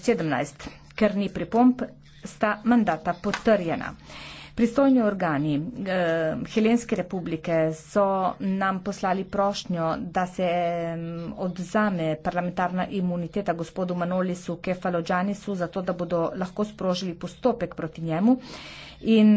17. Ker ni pripomp, sta mandata potrjena. Pristojni organi eh, Helenske republike so nam poslali prošnjo, da se odzame parlamentarna imuniteta gospodu Manolisu Kefalođanisu, zato da bodo lahko sprožili postopek proti njemu. In